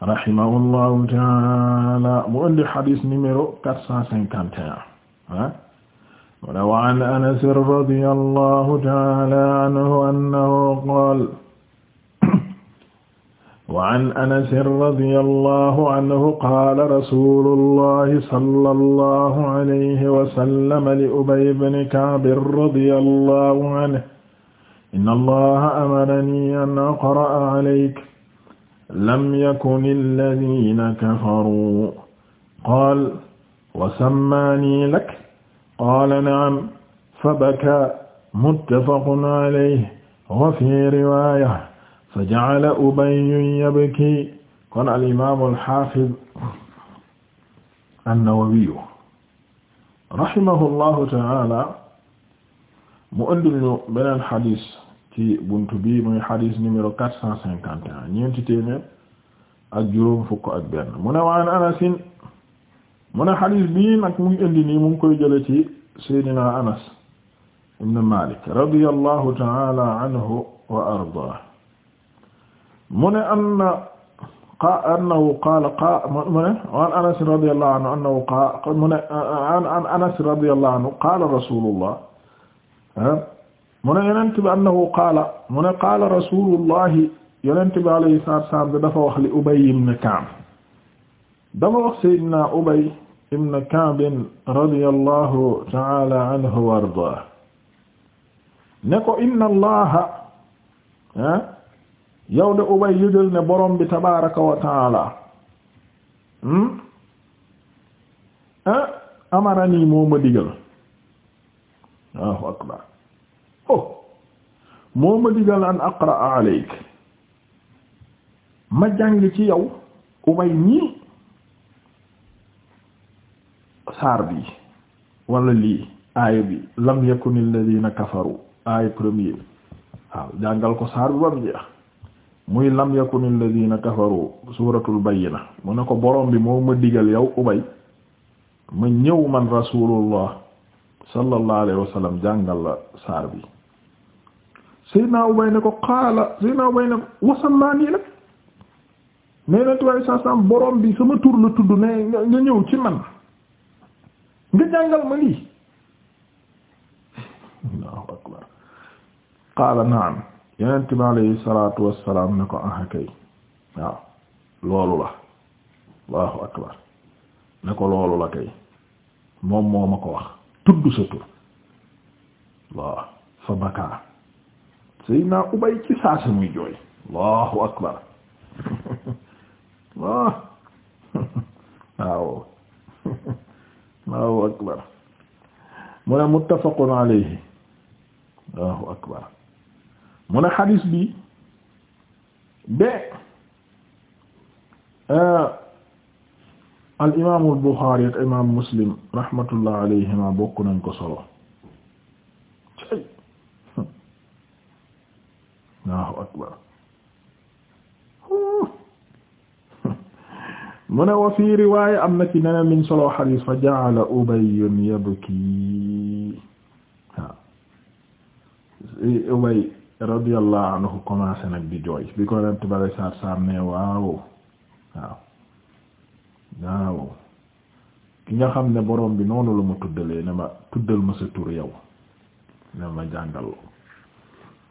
rahimahullahu taala mu indi xadis numéro quatre cent cinquante et un ah mu ne wa an Anas radiyallahu taala anhu annahu qaala wa an Anas radiyallahu anhu qaala rasuulullahi sallallahu alayhi wa sallam li Ubayy ibn Ka'b radiyallahu anhu inna Allaha amarani an aqra'a alayka lam yakun alladina kafaru qaal wa sammaanii lak qaala naam fa baka muttafaqun alayhi wa fi riwaya fa jacala ubayyun yabki kon alimamu alxafid annawawiyu rahimahu llahu taala mu ëndil ñu beneen xadis ci buntu bi muy xadis numéro quatre cent cinquante et un ñeenti téeméer ak juróom fukk ak benn mu ne waan anasin mu ne xadis bii nag mu ngi indi nii mu ngi koy jële ci seydina anas ibn malik radiyallahu taala anhu wa arda mu ne anna qa annahu qaala qa mu ne waan anas radiyallahu anhu annahu qa mu ne an anas radiyallahu anhu qaala rasulullah mu ne yonent bi annahu qaala mu ne qaala rasulullahi yonent bi alayhi salaatu wa salaam dafa wax li Ubay ibn Ka'b dafa wax Seydina Ubay ibn Ka'b radiyallahu ta'ala anhu wa ardaahu ne ko inna Allaha ah yow de Ubay yëgal ne borom bi tabaaraka wa ta'ala hmm, ah amarani moo ma digal Allahu akbar oh moo ma digal an aqra alayk ma jàng ci yaw ubay ñii saar bi wala lii aaya bi lam yakun alladhina kafaru aaya jàngal ko saar bi ba mu jeex muy lam yakun alladhina kafaru suuratul bayyina mu ne ko borom bi moo ma digal yow ubay ma ñëw man rasulullah sallallahu alayhi wa sallam saar bi Seydina Ubay ne ko xaala Seydina Ubay ne ko wasal naa nii nag nee na saam borom bi sama tur la tudd ne nga ñëw ci man nga jàngal ma lii Allahu akbar xaala naam yonent bi alayhi salaatu wassalaam ne ko ah kay waaw loolu la Allahu akbar ne ko loolu la kay moom moo ma ko wax tudd sa tur waaw fa Seydina Ubay ci saasa muy jooy Allahu akbar Allah waaw Allahu akbar mu ne muttafaqun alayhi Allahu akbar mu ne xadiis bi ba eh, al imaamul Buxaari ak imaam Muslim rahmatullah alayhima bokk nañ ko solo Allahu akbar mu ne wa fii riwaaya am na ci neneen min solo xadiis fa ja'ala Ubayyun yabki waaw Ubay radiyallahu anhu nag di jooy bi ko rent bare saar saar ne waaw waaw waaw ki nga xam ne borom bi noonu la ma tuddalee ne ma tuddal ma sa tur yow ne ma jàngal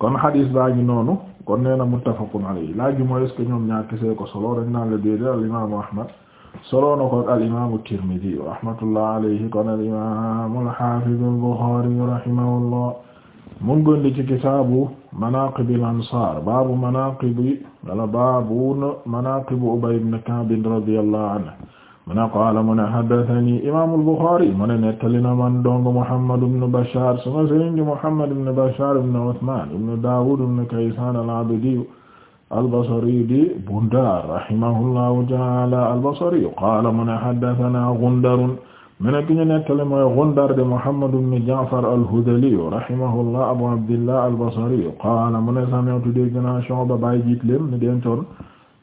kon hadis baa ngi noonu kon nee na muttafaqun alayhi laaj bi mooy est ko solo dañ naan la déedéet al imaamu Ahmad solo na ko al imaamu Tirmidhi rahmatullah alayhi kon al imaamu al haafiz al Bukhari rahimahullah mu ngi gondi ci kitaabu manaaqibil ansaar baabu manaaqibi baabu manaaqibu Ubay ibn Ka'b radiyallahu anhu mu ne qaala mu ne haddathani imaamu al-Bukhari mu ne nettali na man dong Muhammad ibn Bashar suma sëriñ di Muhammad ibn Bashar ibn Uthman ibn Dawud ibn Kaysan al-Abdi al-Basri di Bundar rahimahullahu ta'ala al-Basri qaala mu ne haddathana Gundar mu ne ki ñu nettali mooy Gundar di Muhammad ibn Ja'far al-Hudhali rahimahullah Abu Abdillah al-Basri qaala mu ne sami'tu dégg naa Shu'ba baay jiit leen ni dencoon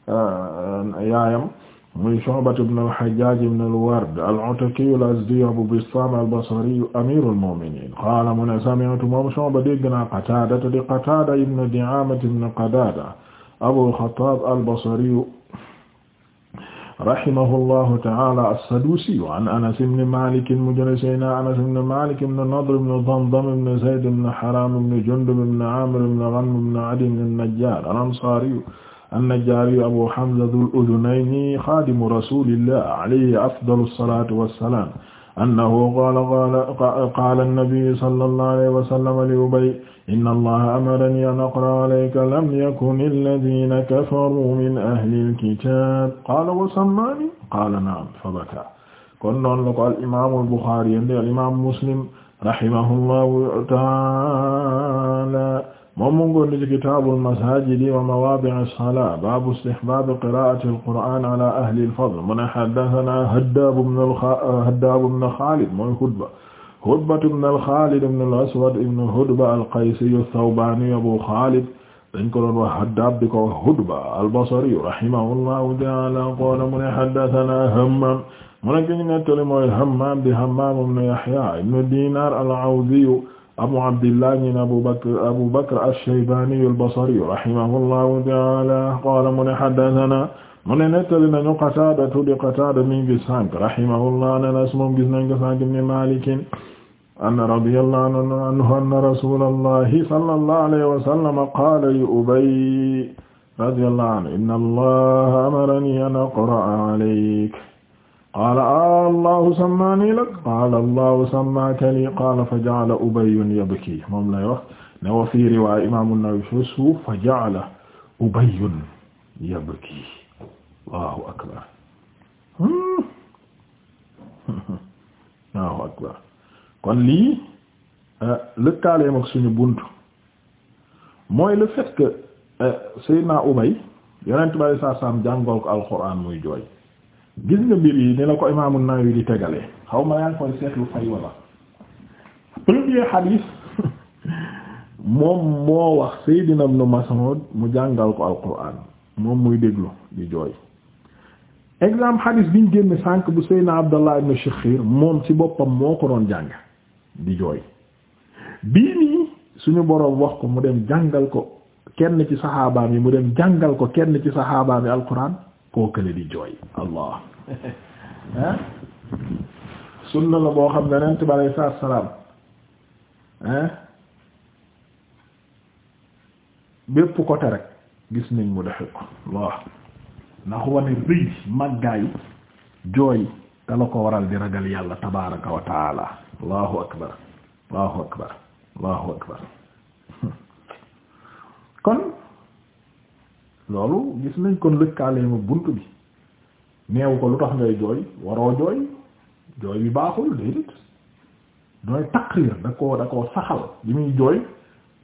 uh, yaayam muy Shu'bata ibn al-Hajjaj ibn al-Ward al-Ataki al-Azdi Abu Bistam al-Basri amiru al-mu'minin qaala mu ne sami'tu moom Shu'ba dégg naa Qatada di Qatada ibn Di'ama ibn Qadada Abu al-Khattab al-Basri rahimahullahu ta'ala as-Sadusi an Anas ibn Malik mu jële Seydina Anas ibn Malik ibn Nadr ibn Damdam ibn Zayd ibn Haram ibn Jundub ibn Amir ibn Ghanm ibn Adi ibn an-Najjar al-Ansari an-Najjaari Abu Hamza Dhul Udhunayni xaadimu rasuulillah alayhi afdalu salaatu wa salaam annahu qaala qaala qaala an-nabiyyu sallallahu alayhi wa sallam li Ubay inna Allaha amaranii an aqra'a alayka lam yakun alladhiina kafaruu min ahli al-kitaab qaala wa sammaanii qaala na'am fabakaa kon noonu la ko al-imaamu al-Bukhaari yéen de al-imaamu Muslim rahimahullahu ta'aala moom mu ngondi ci kitaabul masaajidi wa mawaadi'i salaa baabu istihbaabi qiraa'ati al-qur'aan ala ahli al-fadl mu ne haddasanaa Haddaab ibn Haddaab ibn Xaalid mooy Hudba Hudba ibn al-Xaalid ibn al-Aswad ibn Hudba al-Qaysi ath-Thawbaani Abu Xaalid dañ ko doon wax Haddaab di ko Hudba al-Basri rahimahullahu ta'aala qaala mu ne haddasanaa Hammaam mu ne ki ñu nettali mooy Hammaam di Hammaam ibn Yahyaa ibn Diinaar al-Awdi abu abdillah ibn abu bakr abu bakr ash-shaybani al-basri rahimahullahu ta'ala qala mu ne haddathana mu ne nettali nañu qataadatu di qataada mi ngi sànq rahimahullah nanas moom gis nañ ko sànq ibn malik anna radiyallahu anhu anna rasulallahi sallallahu alayhi wa sallam qala li ubay radiyallahu anhu inna allaha amarani an aqra'a alayka qaala allahu sammaanii lak qaala allahu sammaaka lii qaala fa ja'ala ubayyun yabkii moom lay wax ne wa fii riwaaya imaamu Nawawi fi suuf fa ja'ala ubayyun yabkii allahu akbar allahu akbar kon lii eh, lëkkaaleem ak suñu bunt mooy le fait que eh, Seydina Ubay yonent bi sallallahu alayhi wa sallam jàngal ko alxuraan muy jooy gis nga mbir yi ni la ko imaamu Nawawi di tegale xaw ma yaa ngi koy seetlu fay wala premier hadith moom moo wax Seydina Ibn Mas'ud mu jàngal ko alquran moom muy déglu di jooy exemple hadith biñ génn sànq bu Seydina Abdallah ibn Shikhir moom ci boppam moo ko doon jàng di jooy bii nii suñu boroom wax ko mu dem jàngal ko kenn ci saxaabaam yi mu dem jàngal ko kenn ci saxaabaam yi alquran. koo kële di jooy allah ah sunna la boo xam ne nent bi alay salaam ah bépp côté rek gis nañ mu defe ko allah ndax wane rëy màggaayu jooy te la ko waral di ragal yàlla tabaaraka wa taala allahu akbar allahu akbar allahu akbar kon loolu gis nañ kon lëkkaale ma bunt bi neewu ko lu tax ngay jooy waroo jooy jooy bi baaxul déedéet jooy li muy jooy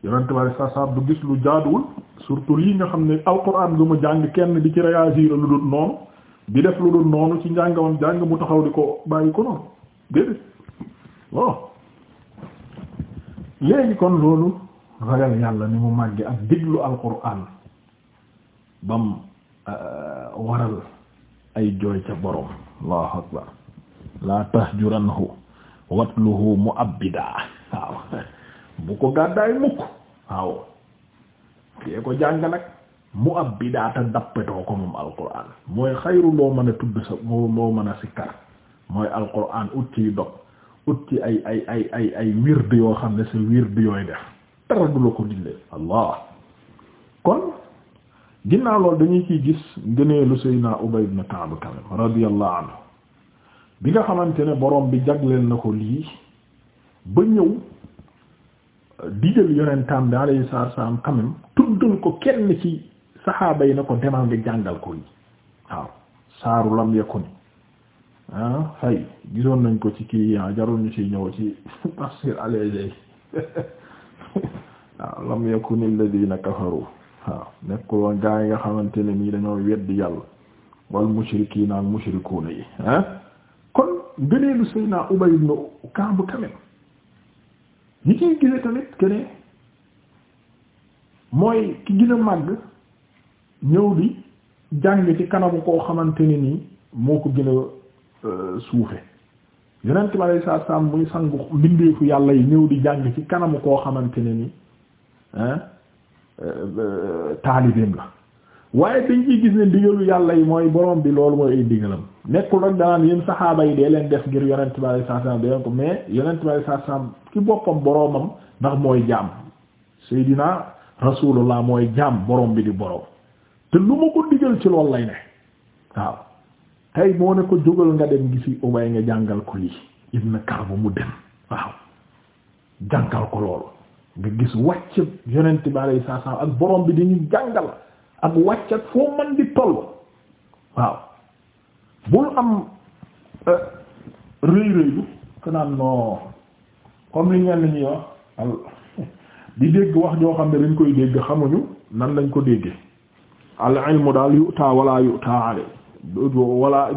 yonent bi saa saa du gis lu jaaduwul surtout xam ne alxuraan lu mu jàng kenn di ci lu dul noonu di def lu dul ci njàngamam jàng mu taxaw ko bàyyi ko noonu déedéet léegi kon loolu ragal yàlla ni mu màggee ak déglu alxuraan bam euh, waral ay jooy ca borom allahu akbar la tahjuranhu watluhu mu'abbida waaw bu ko gàddaay mukk waaw dee ko jàng nag mu'abbida te dappetoo ko moom alquran mooy xayru loo mën a tudd sa moo loo mën a sikkar mooy alquran ut ciy dog ut ci ay ay ay ay ay wird yoo xam ne sa wird yooy def dara du la ko dillee allah kon ginnaaw lool dañuy ciy gis lu Seydina Ubay ibn Ka'b tamit radiyallahu anhu bi nga xamante ne borom bi jagleel na ko lii ba ñëw digal yonentam bi alayhi salaam quand même ko kenn ci saxaaba yi na ko demal nga jàngal ko lii waaw saaru lam yakun ah fay gisoon nañ ko ci kii ah ci ñëw ci tafsir alayhi waaw lam yakun alladhina kafaru waaw nekkul woon gaa yi nga xamante ne nii dañoo weddi yàlla wal mushrikina naa mushrikuuna yi ah kon gëneelu Seydina Ubay ibn Ka'b quand même ñi ciy gise tamit kene mooy ki gën màgg ñëw di jàng ci kanamu koo xamante ne nii moo ko gën a euh, suufe yonent bi alayhi salaatu salaam yàlla ñëw di jàng ci kanamu koo xamante ne nii ah. Euh, taalibeem la waaye dañ ciy gis ne ndigalu yàlla yi mooy borom bi loolu mooy ay ndigalam nekkul rek danaan yéen saxaaba yi dee leen def ngir yonent bi alayhi salaam dee ko mais yonent bi alayhi salaam ki boppam boromam ndax mooy jaam Seydina Rasulullah mooy jàmm boroom bi di borom te lu ma ko digal ci loolu lay ne waaw tey moo ne ko jógal nga dem gisi Ubay nga jàngal ko lii Ibn Ka'b mu dem waaw jàngal ko loolu. nga gis wàcc yonent bi alayhi salaam ak borom bi dañuy jàngal ak wàcc ak foo man di toll waaw bul am euh, rëy rëylu que naan non comme li ngeen ñuy wax di dégg wax ñoo xam ne dañ koy dégg xamuñu nan lañ ko déggee al ilmu daal yu'ta wala yu'ta ale wala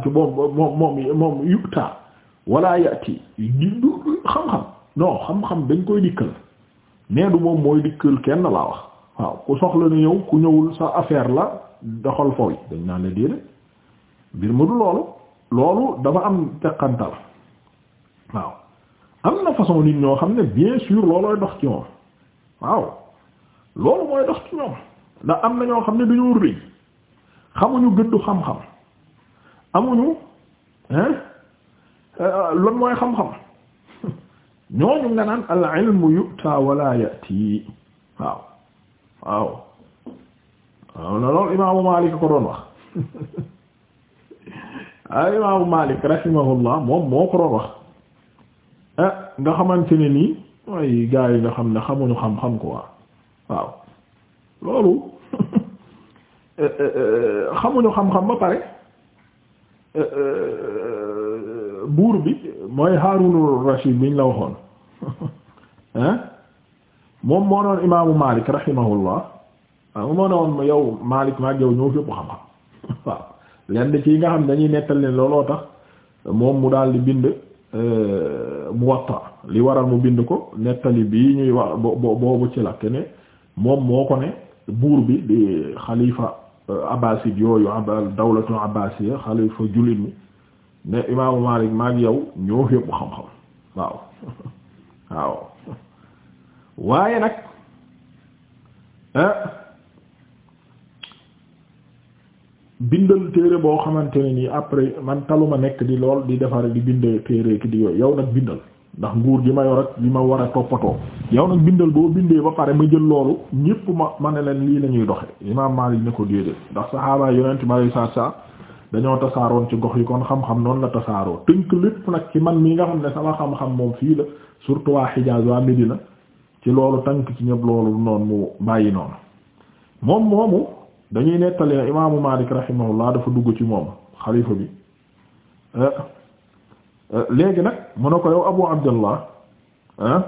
wala ya'ti xam-xam non xam-xam dañ koy dikkal nee du moom mooy dikkal kenn laa wax waaw ku soxla ni ñëw ku ñëwul sa affaire la doxal fooy dañ naan la déedéet mbir mu du loolu loolu dafa am teqantal waaw am na façon nit ñoo xam ne bien sûr loolooy dox ci moom waaw loolu mooy dox ci ñoom ndax am na ñoo xam ne dañoo rëy xamuñu gëddu xam-xam amuñu hein euh, lan mooy xam-xam ñooñu nga naan al ilmu yu'ta wala yati waaw waaw waaw loolu imaamu Maalik ko doon wax ah imaamu Maalik moom moo ko doon eh, nga xamante ne nii ay gaa yi nga xam ne xamuñu xam-xam quoi waaw xam eh, eh, xamuñu xam-xam ba pare buur bi mooy Haarun Rashid biñ la waxoon. hein moom moo doon imaamu Malik rahimahullah ah, moo doon yow Malik maag yow ñoo fépp xam-xam waaw dañuy nettal looloo tax moom mu daal di bind euh, li waral mu bind ko nettali bii ñuy wax boobu bi di xalifa euh, abbasid yooyu yow xam-xam waaw waaw waaye nag bindal téere boo xamante ne nii après man taluma nekk di lool di defar di bind téere ki di yooyu yow nag bindal ndax nguur gi ma yor ak li ma war a toppatoo yow nag bindal boo bindee ba pare ma jël loolu ñépp ma ma ne leen lii la ñuy doxe imaam Maalik ne ko déedéet ndax saxaaba yonent ma lay saa saa dañoo tasaaroon ci gox yi kon xam-xam noonu la tasaaroo tënk lépp nag ci man mii nga xam ne sama xam-xam moom fii la surtout waa Hijaaz waa Medina ci loolu tënk ci ñëpp loolu noonu mu bàyyi noonu moom moomu dañuy nettalee imaamu Maalik rahimahullah dafa dugg ci moom xalifa bi eh, eh, léegi nag mu ne ko yow Abu Abdallah ah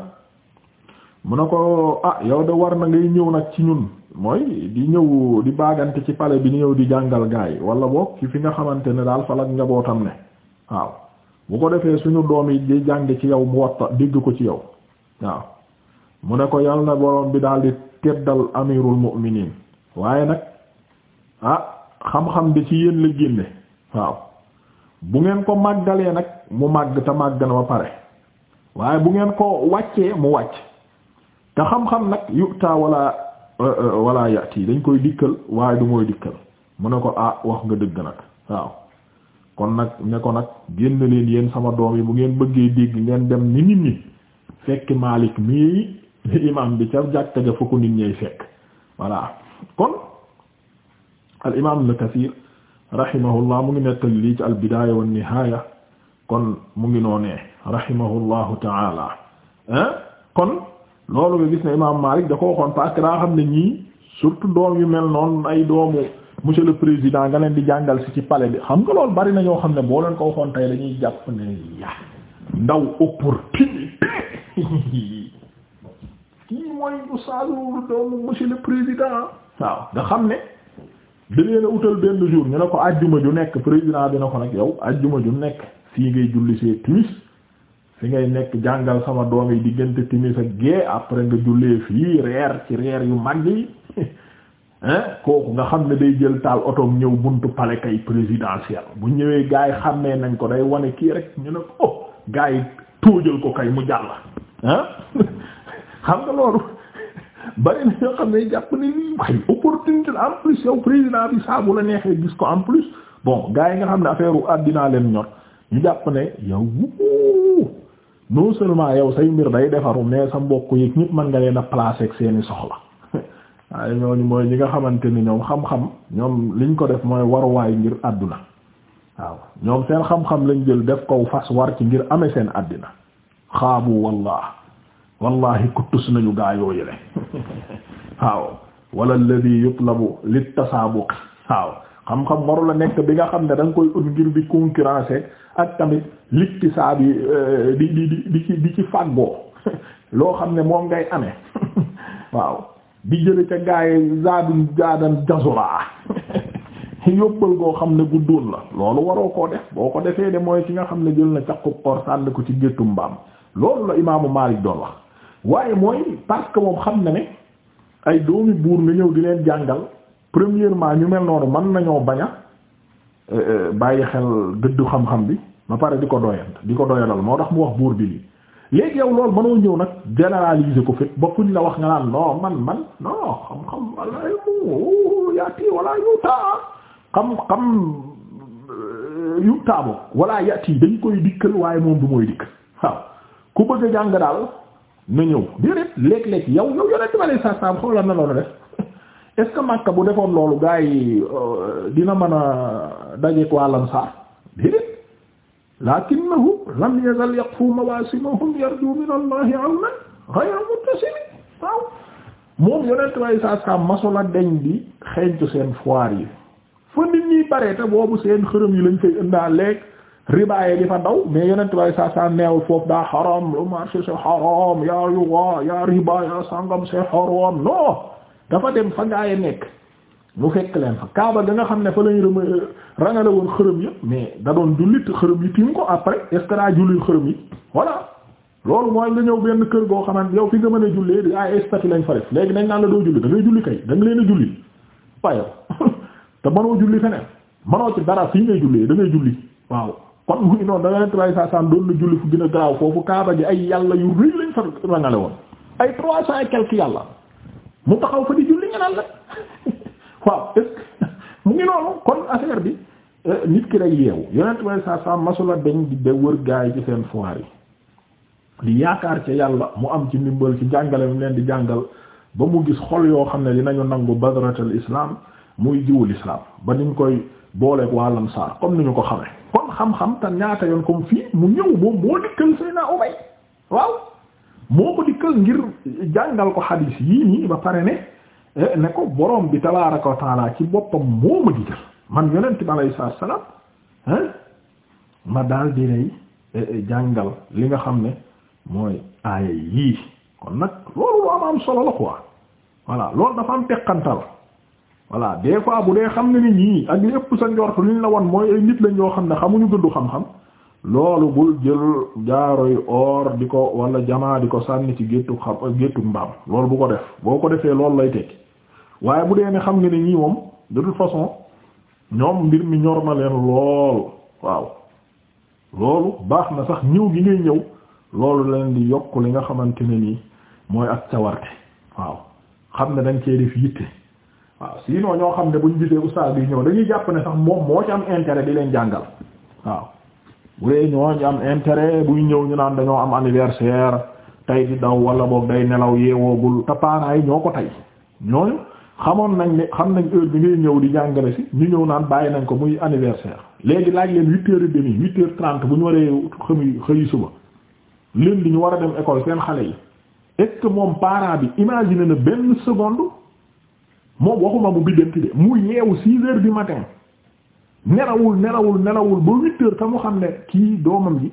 mu ne ko ah yow de war na ngay ñëw nag ci ñun mooy di ñëw di baagante ci palais bi ñëw di jàngal yi wala boog ci fi nga xamante ne daal falak njabootam ne waaw bu ko defee suñu doom yi di jàng ci yow mu watta dégg ko ci yow waaw mu ne ko yal na borom bi daal di teddal amirul mu'minin waaye nag ah xam-xam bi ci yéen la génne waaw bu ngeen ko màggalee nag mu màgg te màgg na ba pare waaye bu ngeen ko wàccee mu wàcc te xam-xam nag yuta wala Euh, euh, wala yati dañ koy dikkal waaye du mooy dikkal mu ne ko ah wax nga dëgg nag waaw kon nag ne ko nag génn leen yéen sama doom yi bu ngeen bëggee dégg ngeen dem ni nit ñi fekk Maalik mii imam bi ca jàkka ja fa ko nit ñey fekk voilà kon al imam Ibn Kathir mu ngi nettali lii ci al bidaaya wan nihaaya kon mu ngi noonee rahimahullahu ta'ala kon loolu nga gis ne imaam Malik da ko waxoon parce que daa xam ne ñii surtout doom yu mel noonu ay doomu monsieur la président nga leen di jàngal si ci pale bi xam nga loolu bari na ñoo xam ne boo leen ko waxoon tey dañuy jàpp ne ya ndaw opportunité kii mooy ustaazu doomu monsieur le président waaw nga xam ne da leen a utal benn jour ñu ne ko ajjuma ju nekk président bi na ko nag yow ajjuma ju nekk fii ngay julli see tunis fi ngay nekk jàngal sama doom yi diggante timis ak gée après nga jullee fii reer ci reer yu mag yi kooku nga xam ne day jël taal otoom ñëw buntu palais kay présidentiel bu ñëwee gaa yi xàmmee nañ ko day wane kii rek ñu ne ko oh, gaa yi tóojal ko kay mu jàll xam nga loolu bari xam ne jàpp ni lii waaye opportunité en plus yow président bi saa la neexee gis ko en plus bon gaa yi nga xam ne affaire u àddinaa leen ñor ñu jàpp ne yow non seulement yow say mbir day defaru mais sa mbokk yi ñëpp mën nga leen a seeni soxla waaye ñooñu mooy ñi nga xamante ni ñoom xam-xam ñoom liñ ko def mooy waruwaay ngir àdduna waaw ñoom seen xam-xam lañ jël def kow fas war ci ngir amee seen àddina xaabu wallah wallahi kuttus nañu gaa yooyu le waaw wala alladhi yutlabu litasaabuq waaw xam-xam waru la nekk bi nga xam ne da koy ut ngir di concurrencer ak tamit liktisaab yi euh, di di di di ci fàggoo loo xam ne moom ngay amee waaw di jële ca gaaye zaadum jaadan jazura yóbbal koo xam ne guddoon la loolu waroo koo def boo ko defee de mooy ki nga xam ne jël na caqu or sànni ko ci géttu mbaam loolu la imaamu Maalik doon wax waaye mooy parce moom xam na ne ay doomi buur nga ñëw di leen jàngal premièrement ñu mel noonu mën nañoo bañ a euh, euh, bàyyi xel gëdd xam-xam bi ba pare di ko doyal di ko doyalal moo tax mu wax buur bi lii léegi yow loolu mënoo ñëw nag généraliser ko fépp ba fuñ la wax nga naan non man man non xam-xam wala mu yaati wala yuta xam-xam euh, dañ koy dikkal waaye moom du mooy dikk waaw ku bëgg jàng daal na ñëw déedéet léeg-léeg yow yow yonent bi sallallahu alayhi wasallam xoolal na loolu def est-ce bu defoon loolu gaa yi euh, dina mën a dajeek waa Ansaar déedéet lakinnahu lam yazal yaqfu mawaasimahum yarju min allahi awnan ghayra muttasim moom yonent way saa saa masola deñ di xeeñtu seen foire yi fa nit ñi bare seen yi lañ fay ëndaa lekk di fa daw mais yonent way saa saa neewul foofu daa xaram le marché c'est xaram yaa riba yaa riba yaa sangam c'est xaram non dafa dem fa gaa yi nekk mu fekk leen fa kaaba da nga xam ne fa lañ rëma rangale woon xërëm yi mais da doon jullit xërëm yi tiim ko après est-ce que daa jullit xërëm yi voilà loolu mooy nga ñëw benn kër goo xamante yow fi nga mën a jullee di ay léegi dañ naan la doo julli da ngay julli kay da leen a julli payo te mënoo julli feneen mënoo ci dara fii ngay jullee da ngay julli waaw kon muy noonu da nga leen tibay saa san doon na julli fu gën a foofu kaaba gi ay yàlla yu rëy lañ fa rangale woon ay trois cent et quelques yàlla mu taxaw fa di julli nga naan la waaw mu ngi noonu kon affaire bi euh, nit ki day yeewu yonent way saa saa masula dañ di de wër gaay ci seen foire yi di yaakaar ca yàlla mu am ci ndimbal ci jàngale mu leen di jàngal ba mu gis xol yoo xam ne dinañu nangu badratul islam muy jiwul islam ba niñ koy booleeg wàllam saar comme ni ñu ko xamee kon xam-xam te ñaata yoon comme fii mu ñëw moom moo dikkal Seydina Ubay waaw moo ko dikkal ngir jàngal ko xadiis yii nii ba pare ne eh, ne ko boroom bi tabaaraka wa taala ci boppam moo ma dikkal man yonent bi alayhi salaatu wa ma daal di lay eh, eh, jàngal li nga xam ne mooy aaya yii kon nag loolu lu am am solo la quoi voilà loolu dafa am teqantal voilà des fois bu dee xam ne nit ñii ak yëpp ëpp sa njort liñ la won mooy nit lañ yoo xam ne xamuñu gëddu xam-xam loolu bul jël jaaroy or di ko wala jamaa di ko sànni ci géttu xam géttu mbaam loolu bu ko def boo ko defee loolu lay tekki waaye bu dee ne xam nga ne ñii moom de toute façon ñoom mbir mi ñor ma leen lool waaw loolu baax na sax ñëw gi ngay ñëw loolu leen di yokk li nga xamante ne nii mooy ak cawarte waaw xam ne dañ cee def yitte waaw sinon ñoo xam ne buñ gisee ustaas bi ñëw dañuy jàpp ne sax moom moo ci am intérêt di leen jàngal waaw bu dee ñooñu am intérêt buy ñëw ñu naan dañoo am anniversaire tey di daw wala boog day nelaw yeewoogul te parents yi ñoo ko tey ñooñu xamoon nañ ne xam nañ heure bi ngay ñëw di jàngale si ñu ñëw naan bàyyi nañ ko muy anniversaire léegi laaj leen huit heures et demie huit heures trente bu ñu waree xëy xëy suba leen di ñu war a dem école seen xale yi est-ce que moom parent bi imaginer na benn seconde moom waxuma bu biddanti de mu yeewu six heures du matin. nelawul nelawul nelawul ba huit heures te mu xam ne kii doomam ji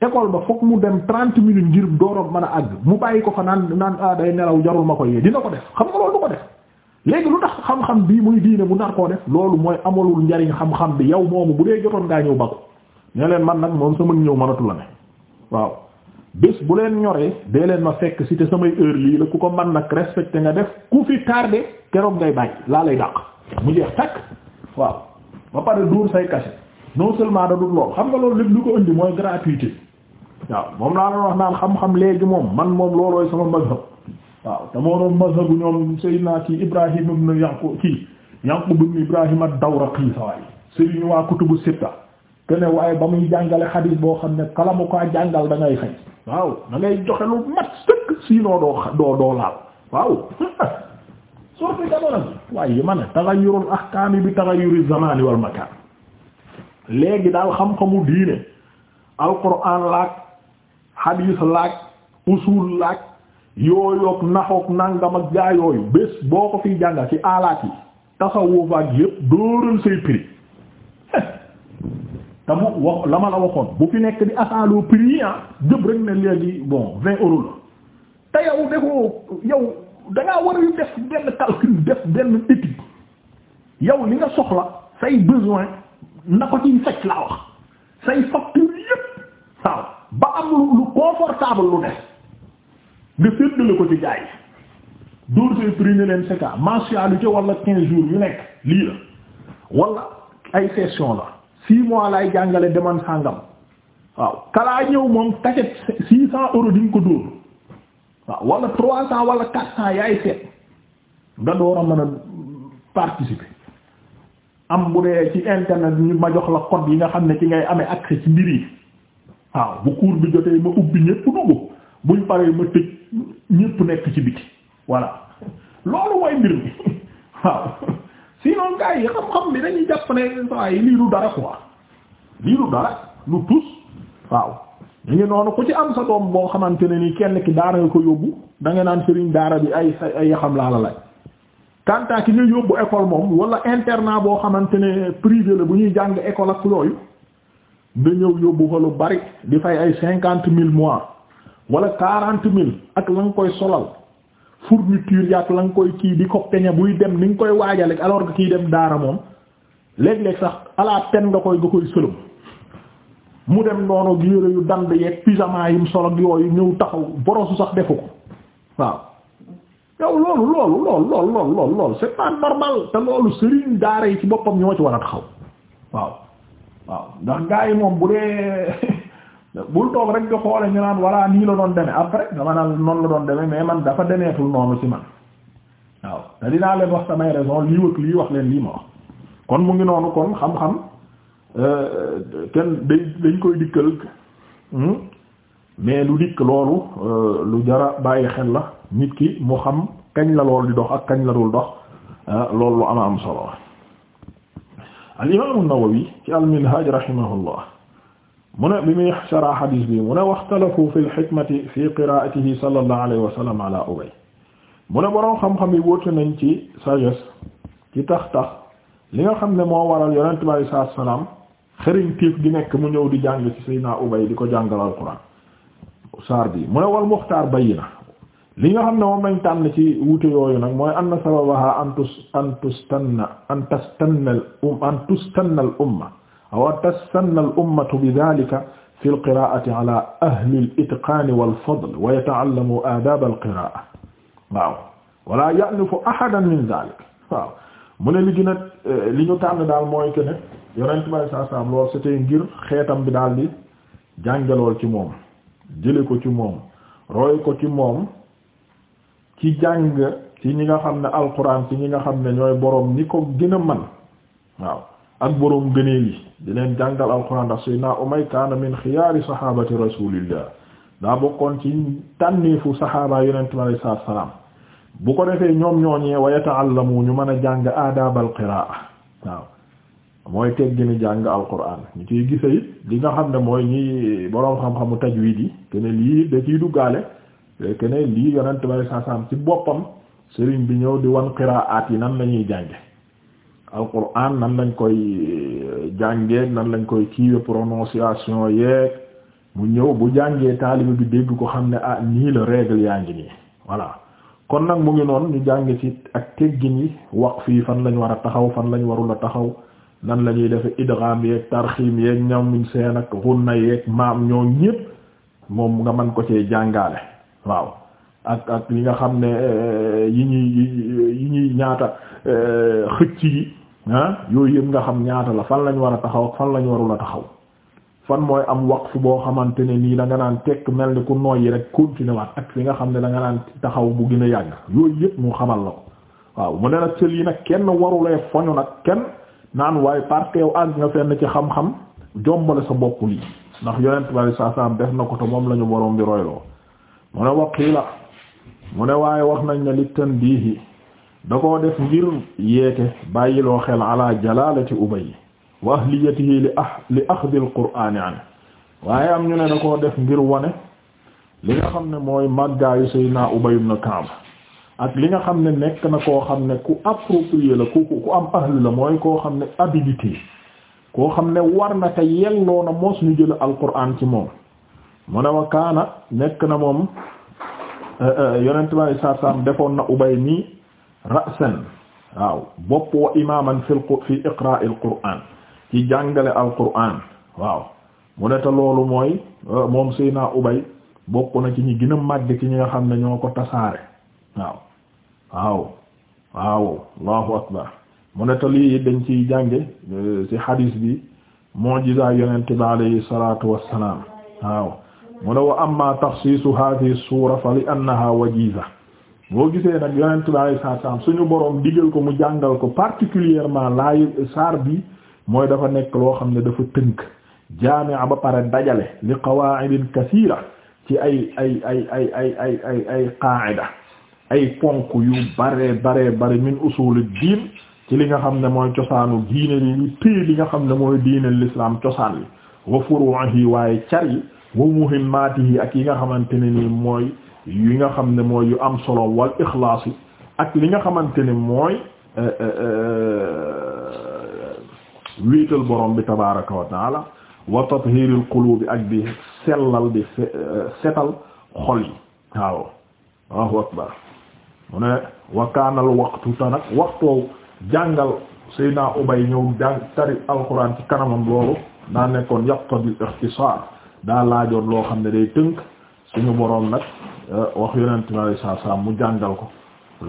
école ba fokk mu dem trente minutes ngir dooroon mën a àgg mu bàyyi ko fa naan naan ah nelaw jarul ma ko yee dina ko def xam nga loolu du ko def léegi lu tax xam-xam bii muy diine bu nar koo def loolu mooy amalul njariñ xam-xam bi yow moomu bu dee jotoon ngaa ñëw ba ko leen man nag moom sama ñëw mënatu la ne waaw bés bu leen ñoree dee leen ma fekk si te samay heure lii la ku ko man nag respecté nga def ku fi tardé keroog ngay bàyyi lay dàq mu jeex takk ba pare dóor say cachet non seulement da dul lool xam nga loolu lépp lu ko indi mooy gratuité waaw moom laa doon wax naan xam-xam léegi moom man moom loolooy sama mazhab waaw te moo doon mazhabu ñoom Seydina kii Ibrahim ibn Yaqub kii Yaqub ibn Ibrahim ad-Dawraqi sa waay Serigne waa kutubu sitta te ne waaye ba muy jàngale xadiis boo xam ne kala kaa jàngal da ngay waaw da ngay joxe lu mat sëkk siinoo doo doo doo laal waaw surtout jamono bi waaye ma ne taxayurul ahkaami bi taxayuri zamani wal makaan léegi daal xam-xamu diine alquran laag hadis laag usul laag yooyoog naxoog nangam ak bés boo ko fiy jàngal ci alaat yi tasawuf ak yépp dóoral say prix te wax la la waxoon bu fi nekk di asaaloo prix yi ah jëb rek ne léegi bon vingt euros la te yow defoo yow da ngaa war a yu def benn calcul def benn étude yow li nga soxla say besoin na ko ci faj laa wax say facture yépp waaw ba am lu confortable lu def nga séddale ko ci jaay dóor say prix ne leen c'est ça mensualité wala quinze jours yu nekk lii la wala ay session la six mois laay jàngale deman sàngam waaw kalaa ñëw moom kaset six cents euros di nga ko dóor waaw wala trois cents wala quatre cents yaay seet nga mën a participer am bu dee ci internet ñu ma jox la code yi nga xam ne ci ngay amee accès ci mbir yi waaw bu cours bi jotee ma ubbi ñépp dugg buñ paree ma tëj ñépp nekk ci biti voilà loolu mooy mbir mi waaw sinon gars yi xam-xam bi dañuy jàpp ne waaye lii du dara quoi lii du dara lu tus waaw. ñu ngi noonu ku ci am sa doom boo xamante ne ni kenn ki daara nga ko yóbbu da nga naan sëriñ daara bi ay ay xam laa la laaj kantaa ki ñu yóbbu école moom wala internat boo xamante ne privé la bu ñuy jàng école ak yooyu nga ñëw yóbbu fa lu bari di fay ay cinquante mille mois wala quarante mille ak la nga koy solal fourniture yàq la nga koy kii di ko peña buy dem ni nga koy waajale alors nga kiy dem daara moom léeg-léeg sax à la nga koy nga mu dem noonu yére yu dand yeeg pyjama yim solo yooyu ñëw taxaw borosu sax defu ko waaw yow loolu loolu loolu loolu loolu loolu loolu c'est pas normal te loolu sëriñ daara yi ci boppam ñoo ci war a taxaw waaw ndax gaa yi moom bu dee bul toog rek nga xoole ñu naan voilà nii la doon demee après dama naan noon la doon demee mais man dafa demeetul noonu ci man waaw te dinaa leen wax samay raison lii wëg lii wax leen lii ma kon mu ngi noonu kon xam Euh, kenn day dañ koy dikkal hmm? mais lu dikk loolu euh, lu jara bàyyi xel la nit ki mu xam kañ la lool di dox ak kañ la dul dox ah, lool lu ama am solo al imaamu Nawawi ci al minhaj rahimahullah mu ne bi muy sara xadiis bi mu ne waxtalafu fi lxikmati fi qiraatihi sallallahu alayhi wa sallam ubay mu ne boroom xam-xam yi wóote nañ ci sagesse ci tax tax li nga xam ne moo waral yonent bi alayhi salaam xëriñ tiif di nekk mu ñëw di jàng ci Seydina Ubay di ko jàngal alquran saar bi mu ne wal muxtaar bayina li nga xam ne moom lañ tànn ci wute yooyu nag mooy anna sababaha an tus an tustanna an tastanna al um an tustanna al umma aw an tastanna al ummatu bi dhalika fi al qiraati ala ahli al itqaan wal fadl wa yata'allamu aadab al qiraa waaw wala ya'nifu ahadan min dhalik waaw mu ne li gën a eh, li ñu tànn daal mooy que ne yonent bi saa saam lool c'était ngir xeetam bi daal di jàngalool ci moom jële ko ci moom roy ko ci moom ci jàng ci ñi nga xam ne alxuraan ci ñi nga xam ne ñooy boroom ni ko gën a man waaw ak boroom gëneel yi di leen jàngal alxuraan ndax suy naa umay kaana min xiyaari saxaabati rasuulillah daa bokkoon ci tànniifu saxaabaa yonent bi alay salaam bu ko defee ñoom ñooñee wa yata'allamu ñu mën a jàng aadaabal qiraa waaw mooy teggini jàng alquran ñu ciy gise it li nga xam ne mooy ñi boroom xam-xamu wii yi kene lii da ciy duggaale kene lii yonent bay saasaam ci boppam sëriñ bi ñëw di wan aat yi nan lañuy jànge alquran nan lañ koy euh, jàngeeg nan lañ koy kiiwe prononciation yeeg mu ñëw bu jàngee taaliba bi dégg ko xam ne ah nii la règle yaa ngi nii voilà kon nag mu ngi noonu ñu jàng ci ak teggin yi wax fii fan lañu war a taxaw fan lañ warul a taxaw nan la ñuy defe idgham yeeg tarxim yeeg ñawmin seen ak na yeeg maam ñoo ñépp moom nga man ko cee jàngaale waaw ak ak li nga xam ne eh, yi ñuy yi ñaata eh, xëcc yi ah yooyu yëpp nga xam ñaata la fan lañ war a taxaw ak fan lañ warul a taxaw fan mooy am waqf boo xamante ne nii da nga naan tekk mel ni ku noyyi rek continuer waat ak fi nga xam ne da nga naan taxaw bu gën a yàgg yooyu yëpp mu xamal la ko waaw mu ne nag sël yi nag kenn warulee foñu nag kenn naan waaye parce que àgg nga fenn ci xam-xam jombale sa bopp lii ndax yonent bari saa saam def na ko te moom lañu ñu borom bi royloo mu ne waqiila mu ne waaye wax nañ na li tan diihi da koo def ngir yeete bàyyiloo xel ala jalalati ubay wa ahliyatihi li ah li axdil qur'aani an waaye am ñu ne da koo def ngir wone li nga xam ne mooy màggaayu sayyidina ubay ibn ka'b ak li nga xam ne nekk na koo xam ne ku approprié la ku ku am ahlu la mooy koo xam ne habilité koo xam ne war na te yelloo na moos ñu jël alquran ci moom mu ne kaana nekk na moom euh, euh, yonent bi alei saatu salaam defoon na ubay nii ra'san waaw bopp wa fi fi iqra' alquran ci jàngale alquran waaw mu loolu mooy euh, moom sëy naa ubay bokk na ci ñi gën a màgg ci ñi nga xam ne ñoo ko tasaare waaw waaw waaw allahu akbar mu ne te lii dañ ciy jànge euh, ci hadis bi mu'jiza yonente bi alayhi salatu wassalam waaw mu ne wa amma taxsiisu hadhihi suura fa li annaha boo gisee nag yonente bi alayhi salatu wassalam suñu boroom digal ko mu jàngal ko particulièrement laay saar bi mooy dafa nekk loo xam ne dafa tënk jaami'a ba pare dajale li qawaa'idin kasiira ci ay ay ay ay ay ay ay ponk yu bare bare bare min usul diin ci li nga xam ne mooy cosaanu diine li li li nga xam ne mooy diine l'islam cosaan li wa furu'ihi waaye car yi wa muhimmatihi ak yi nga xamante ne nii mooy yi nga xam ne mooy yu am solo wal ixlaas ak li nga xamante ne mooy eh, eh, eh, wéetal borom bi tabaraka wa taala wa tathiril qulubi ak bi sellal di setal xol yi waaw waaw akbar mu ne wakaanal waxtu ta nag waxtoow jàngal Seydina Ubay ñëw jàng tari alxuraan ci kanamam loolu daa nekkoon yaqtadi ixtisaar daa laajoon loo xam ne day tënk suñu boroom nag eh, wax yonent mi alayhi salaatu mu jàngal ko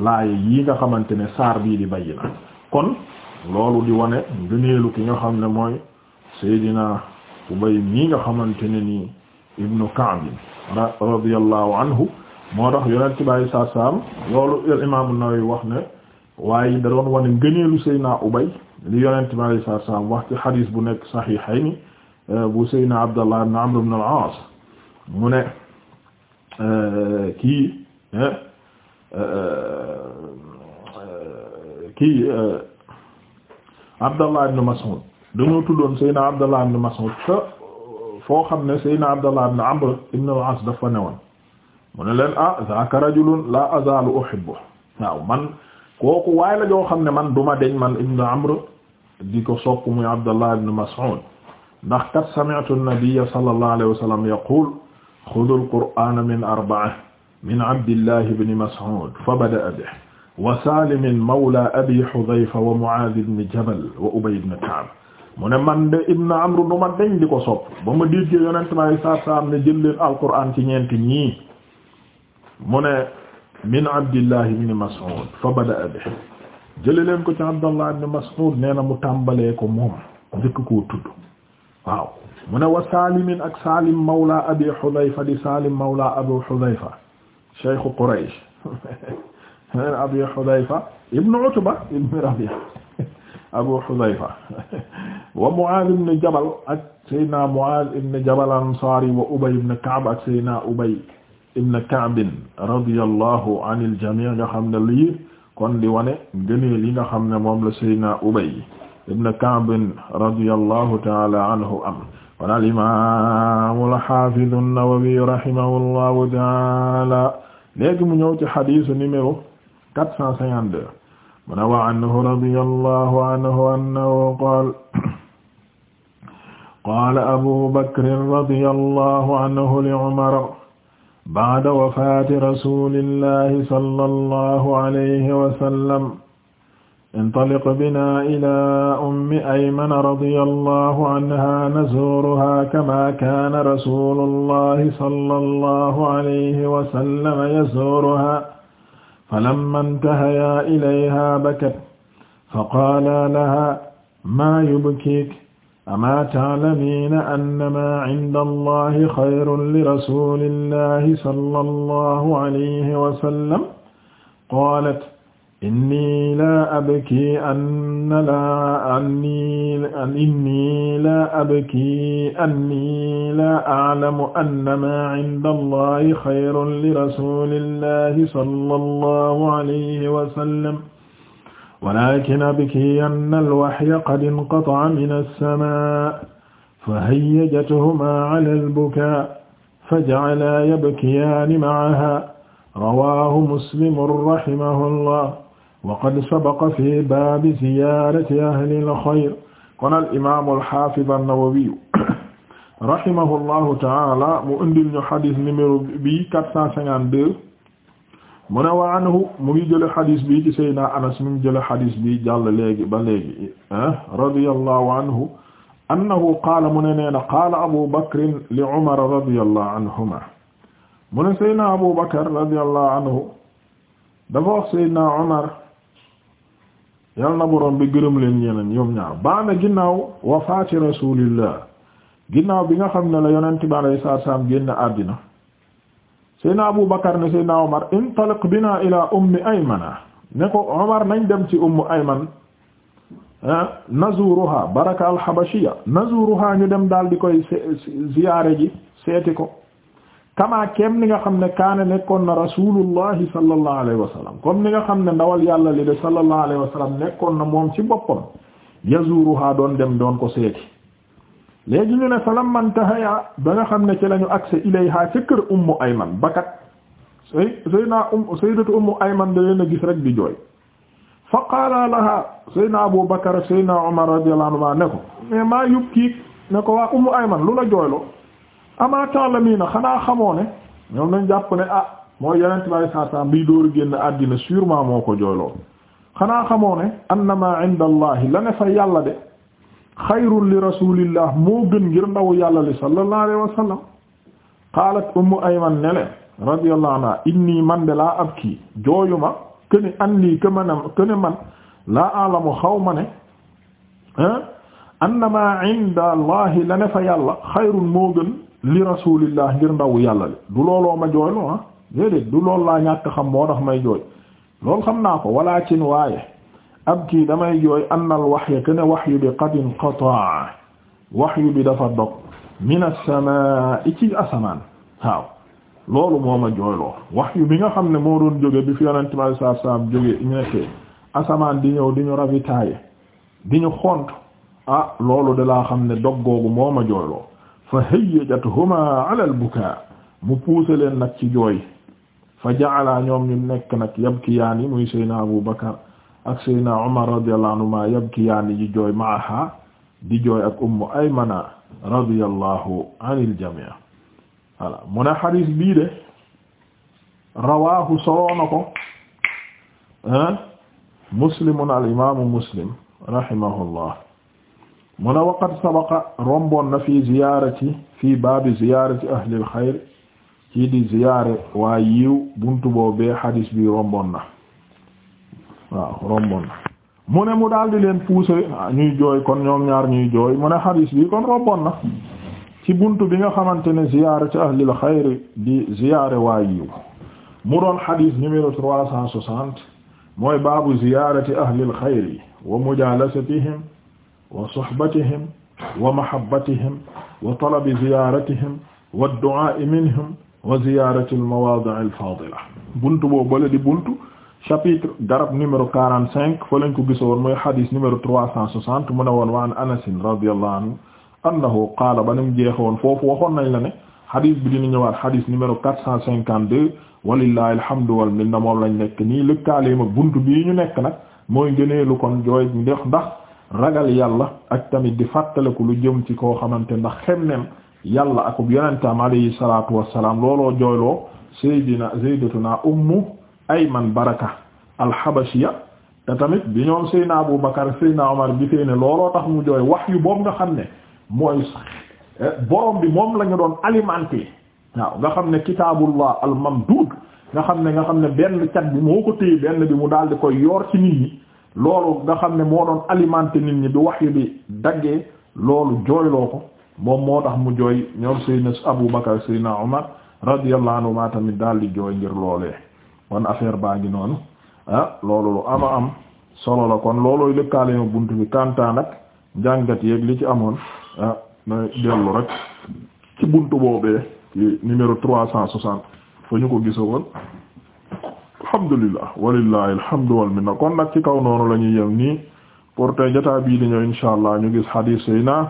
laaye yi nga xamante ne saar bii di bayyi na kon loolu di wane ngëneelu ki nga xam ne mooy Seydina Ubay mii nga xamante ne nii ibnu Ka'b radiyallahu anhu moo tax yonent ci bàyyi saa saam loolu imaamu Nawawi wax ne waaye da doon wane ngëneelu Seyna Ubay li yonent ci bàyyi saa wax ci xadiis bu nekk saxiixayni eh, bu Seyna Abdallah ibn Amr ibn al-Aas mu ne eh, kii eh, kii Abdallah ibn Mas'ud dañoo tuddoon Seyna Abdallah ibn Mas'ud foo xam ne Seyna Abdallah ibn Amr ibn al-Aas dafa newoon. mu ne leen ah zaaka rajulun la azalu uhibbu waaw man kooku waaye la joo xam ne man duma deñ man ibn amr di ko sopp muy abdallah ibn mas'ud ndax kat sami'tu an-nabiyya sallallahu alayhi wa sallam yaqul khudhu al-qur'ana min arba'a min abdillah ibn mas'ud fabada'a bihi wa salim mawla abi hudhayfa wa mu'adh ibn jabal wa ubay ibn ka'b mu ne man de ibn amr duma deñ di ko sopp ba ma déggee yonent ma sallallahu alayhi wa sallam ne jël leen alqur'an ci ñeenti ñii mu ne min abdillah ibn mas'ud fa bada'a bi jële leen ko ci abdallah ibn mas'ud nee na mu tàmbalee ko moom njëkk koo tudd waaw mu ne wa saalimin ak salim mawla abi hudhayfa di salim mawla abu hudhayfa shaykh quraysh men abi hudhayfa ibn utba ibn rabi'a abu hudhayfa wa mu'adh ibn jabal ak sayyidina mu'adh ibn jabal ansari wa ubay ibn ka'b ak sayyidina ubay ibn Ka'b radiyallahu anil jamii nga xam ne lii kon di wane ngëneel yi nga xam ne moom la Seydina Ubay ibn Ka'b radiyallahu ta'ala anhu am kon al imaam al haafiz an-Nawawi rahimahullahu ta'ala léegi mu ñëw ci xadiisu numéro 452 mu ne wa anhu radiyallahu anhu annahu qaala qaala Abu Bakr radiyallahu anhu li Umar ba'da wafaati rasuulillahi sallallahu alayhi wa sallam intaliq binaa ilaa ummi ayman radiyallahu anhaa nazuuruhaa kamaa kaana rasuulullahi sallallahu alayhi wa sallam yazuuruhaa falammaa intahayaa ilayhaa bakat faqaalaa lahaa maa yubkiiki amaa ta'lamiina anna maa inda allahi xayrun li rasulillahi sallallahu alayhi wa sallam qaalat inni laa abki anna laa anni inni laa abki anni laa a'lamu anna maa inda allahi xayrun li rasulillahi sallallahu alayhi wa sallam walakin abkii anna alwaxya qad inqata'a min alsama fa hayyajathumaa ala albukaa fajacalaa yabkiyaani macaha rawaahu muslimun rahimahullah wa qad sabaqa fi baabi ziyaarati ahli alxayr kon alimamu alxaafid annawawiyu rahimahullahu taala mu indil ñu xadis numéro bi 452 mu ne wa mu ngi jële xadis bi ci Seydina Anas mu ngi jële xadis bi jàll léegi ba léegi radiyallahu anhu annahu qaala mu ne nee na qaala Abu Bakr li Umar radiyallahu anhuma mu ne Seydina Abu Bakr radiyallahu na borom bi gërëm leen ñeneen ñoom ñaar bi nga xam ne la yonent bi alayhi salaam génn Seydina Abu Bakar ne Seydina Omar intaliq bina ila ummi aymana ne ko Omar nañ dem ci ummu ayman nazuruha baraka alxabashiya nazuruha ñu dem daal di koy ziyaare ji seeti ko kama kem ni nga xam ne kaana nekkoon na rasulullahi sallallahu alayhi wa sallam comme ni nga xam ne ndawal yàlla li de sallallahu alayhi wa sallam nekkoon na moom ci boppam yazuruha doon dem don ko seeti léegi ñu ne fa lamma intahaya ba nga xam ne ci lañu accès ilayha ca kër ummu ayman bakat say sayna um ayman da leen a gis rek di jooy fa qaala laha sayna abu bakar ak sayna umar ne ko mais maa yubkiik ko waa ummu ayman lu la jooyloo ama ta'lamina xanaa xamoo ne ñoom nañ jàpp ne ah mooy yenent bay saasam biy dóoru génn àddina sûrement moo ko jooyloo xanaa xamoo ne annama inda la ne fa yàlla de xayrun li rasulillah moo gën ngir ndaw yàlla li sallallahu alayhi wa sallam qaalat ummu ayman ne leen radiyallahu inni man de laa abki jooyuma këni an këni man laa alamu xaw ma ne annama inda allahi la ne fa yàlla xayrun moo gën li rasulillah ngir ndaw yàlla du looloo ma jooyloo lool laa ñàkk xam moo tax may jooy lool xam naa ko walaakin waaye abki damay jooy anna al waxya kana waxyu bi qad inqataa waxyu bi dafa dog min as-samaa ci asamaan waaw loolu moo ma jooyloo waxyu bi nga xam ne moo joge jóge bi fi yonent bi alayhi salaatu di ñëw di ñu ravitaaye di ñu ah, loolu de laa xam ne dog googu a ma jooyloo fa hayyajathumaa ala al mu puuse leen nag ci jooy fa ja'alaa ñoom ñu nekk nag yabkiyaani muy Seydina Abu Bakar ak Seydina Umar radiyallahu anhuma yabkiyaani di jooy maaha di jooy ak Ummu Aymana radiyallahu anil jamii voilà mu ne xadis bii de rawaahu soloo na ko muslimun al muslim rahimahullah mu ne waqad sabaqa romboon fi ziyaarati fi ahli al xayr ci di ziyaare waa yiw buntu boobee xadis na. waaw rombon na mu ne mu leen pousser ñuy jooy kon ñoom ñaar ñuy jooy mu ne xadiis bi kon rombon na ci buntu bi nga xamante ne ziyaarati ahlil xayri di ziyaare waa mu doon xadiis numéro trois cent soixante mooy baabu ziyaarati ahlil xayri wa mujaalasatihim wa sohbatihim wa mahabbatihim wa talabi ziyaaratihim wa du'aa'i minhum wa ziyaarati al chapitre garab numéro quarante cinq fa lañ ko woon mooy hadith numéro trois cent soixante mu ne woon wa an Anas radiyallahu anhu annahu qaala ba nim woon foofu waxoon nañ la ne hadith bi dina ñëwaat hadith numéro quatre cent cinquante deux walillahi alhamdu wal na moom lañ nekk nii lëkkaaleem bunt buntu bii ñu nekk nag mooy gëneelu kon jooy ndex ndax ragal yàlla ak tamit di fàttaliku lu jëm ci koo xamante ndax xemmeem yàlla ak yonentam alayhi salaatu wassalaam looloo jooyloo sayyidina sayyidatuna ummu ay man baraka alxabashiya te tamit bi ñoom Seyna Abu Bakar Seyna bi gisee ne looloo tax mu jooy wax yu boobu nga xam ne mooy borom bi moom lañu doon alimenté waaw nga xam ne kitaabullah almamduud nga xam ne nga xam ne benn cat bi moo ko téye benn bi mu daal di koy yoor ci nit ñi loolu nga xam ne moo doon alimenté nit ñi bi wax yu bi daggee loolu jooyloo ko moom moo tax mu jooy ñoom Seyna Abu Bakar Seyna Omar radiyallahu anhuma tamit daal di jooy ngir wan affaire baa ngi noonu ah loolu lu ama am solo la kon loolooy lëkkaale ma bunt bi kantaan nag njàngat yeeg li ci amoon ah na dellu rek ci bunt boobee ci numéro trois cent soixante fa ñu ko gisa woon alhamdulillah walillahi alhamdu wal minna kon nag ci kaw noonu la ñuy yem nii pour tey jotaay bii di ñëw insha allah ñu gis hadith naa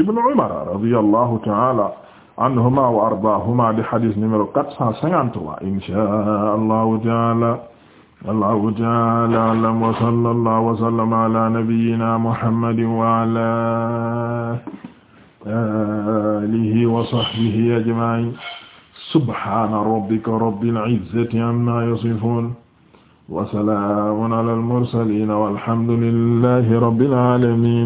ibnu umar radiyallahu ta'ala anhuma wa ardaahuma di hadis numéro 453 inshaa allahu taala allahu taala alam wa sallallahu wa sallama ala nabiyyina muhammadin wa ala alihi wa sahbihi ajma'in subhana rabbika rabbil izzati amma yasifun wa salaamun ala al mursalin walhamdulillahi rabbil alamin